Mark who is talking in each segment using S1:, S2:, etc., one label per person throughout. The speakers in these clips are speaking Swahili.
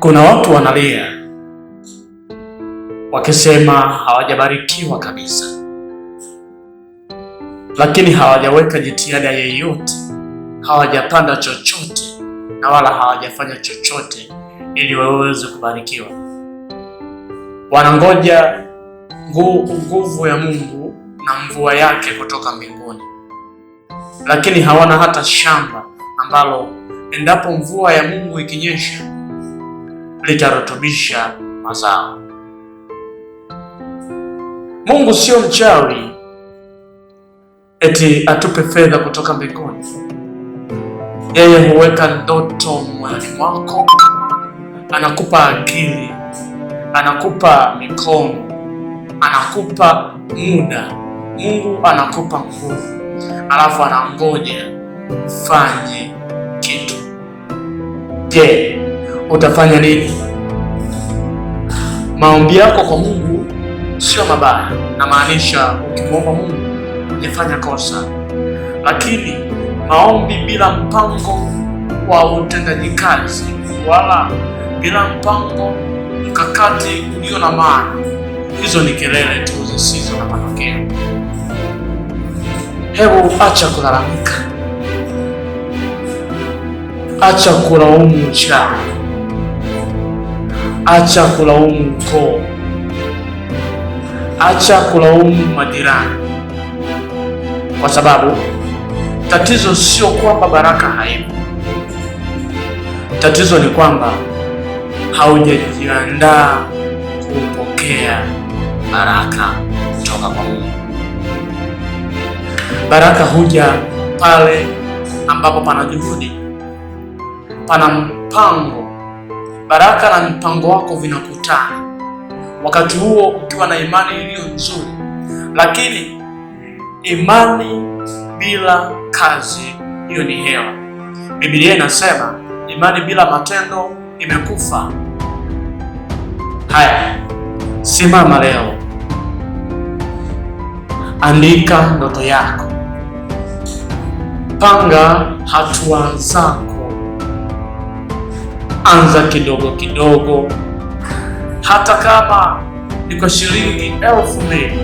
S1: Kuna watu wanalia wakisema hawajabarikiwa kabisa, lakini hawajaweka jitihada yeyote, hawajapanda chochote na wala hawajafanya chochote ili waweze kubarikiwa. Wanangoja nguvu ya Mungu na mvua yake kutoka mbinguni, lakini hawana hata shamba ambalo endapo mvua ya Mungu ikinyesha litarutubisha mazao. Mungu sio mchawi eti atupe fedha kutoka mbinguni. Yeye huweka ndoto moyoni mwako, anakupa akili, anakupa mikono, anakupa muda, Mungu anakupa nguvu, alafu anangoja fanye kitu. Je, utafanya nini? Maombi yako kwa Mungu sio mabaya, na maanisha ukimwomba Mungu ujafanya kosa, lakini maombi bila mpango wa utendaji kazi wala bila mpango mkakati ulio na maana, hizo ni kelele tu zisizo na matokeo. Hebu acha kulalamika, acha kulaumu cha Acha kulaumu ukoo, acha kulaumu majirani, kwa sababu tatizo sio kwamba baraka haipo, tatizo ni kwamba haujajiandaa kupokea baraka kutoka kwa Mungu. Baraka huja pale ambapo pana juhudi, pana mpango baraka na mpango wako vinakutana, wakati huo ukiwa na imani iliyo nzuri, lakini imani bila kazi, hiyo ni hewa. Biblia inasema imani bila matendo imekufa. Haya, simama leo, andika ndoto yako, panga hatua zako anza kidogo kidogo, hata kama ni kwa shilingi elfu mbili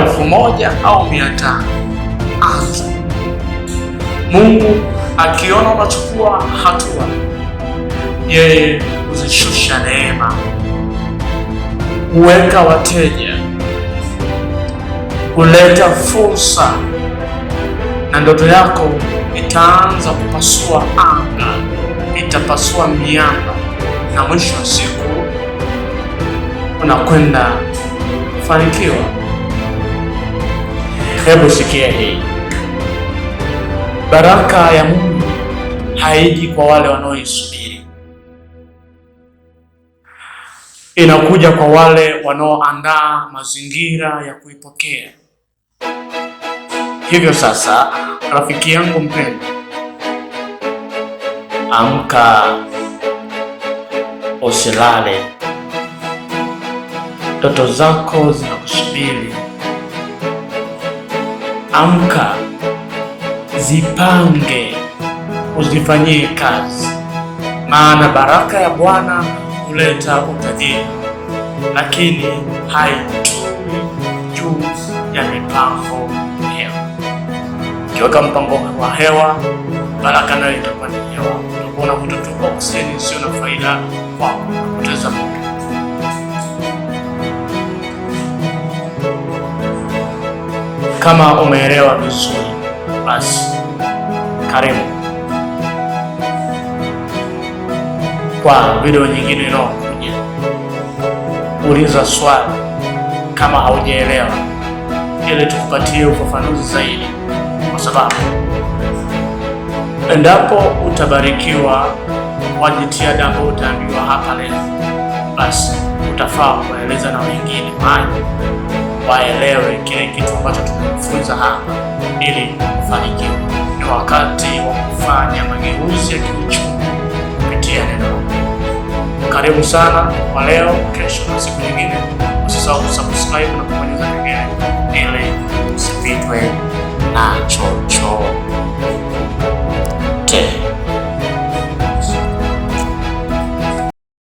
S1: elfu moja au mia tano anza. Mungu akiona unachukua hatua, yeye huzishusha neema, huweka wateja, huleta fursa, na ndoto yako itaanza kupasua anga itapasua miamba na mwisho wa siku unakwenda kufanikiwa. Hebu sikia hii, baraka ya Mungu haiji kwa wale wanaoisubiri, inakuja kwa wale wanaoandaa mazingira ya kuipokea. Hivyo sasa, rafiki yangu mpendwa amka, usilale, ndoto zako zinakusubiri. Amka, zipange, uzifanyie kazi, maana baraka ya Bwana huleta utajiri, lakini haitui juu ya mipango hewa. Ukiweka mpango wa hewa, baraka nayo itakuwa ni hewa unakuta tu oksijeni sio na faida kwa unapoteza muda. Kama umeelewa vizuri, basi karibu kwa video nyingine inayokuja. Uliza swali kama haujaelewa, ili tukupatie ufafanuzi zaidi, kwa sababu Endapo utabarikiwa wajitiada jitihada ambayo utaambiwa hapa leo, basi utafaa kueleza na wengine, maana waelewe kile kitu ambacho tumejifunza hapa, ili kufanikiwa. Ni wakati wa kufanya mageuzi ya kiuchumi kupitia neno. Karibu sana kwa leo, kesho na siku nyingine. Usisahau kusubscribe na kubonyeza kengele.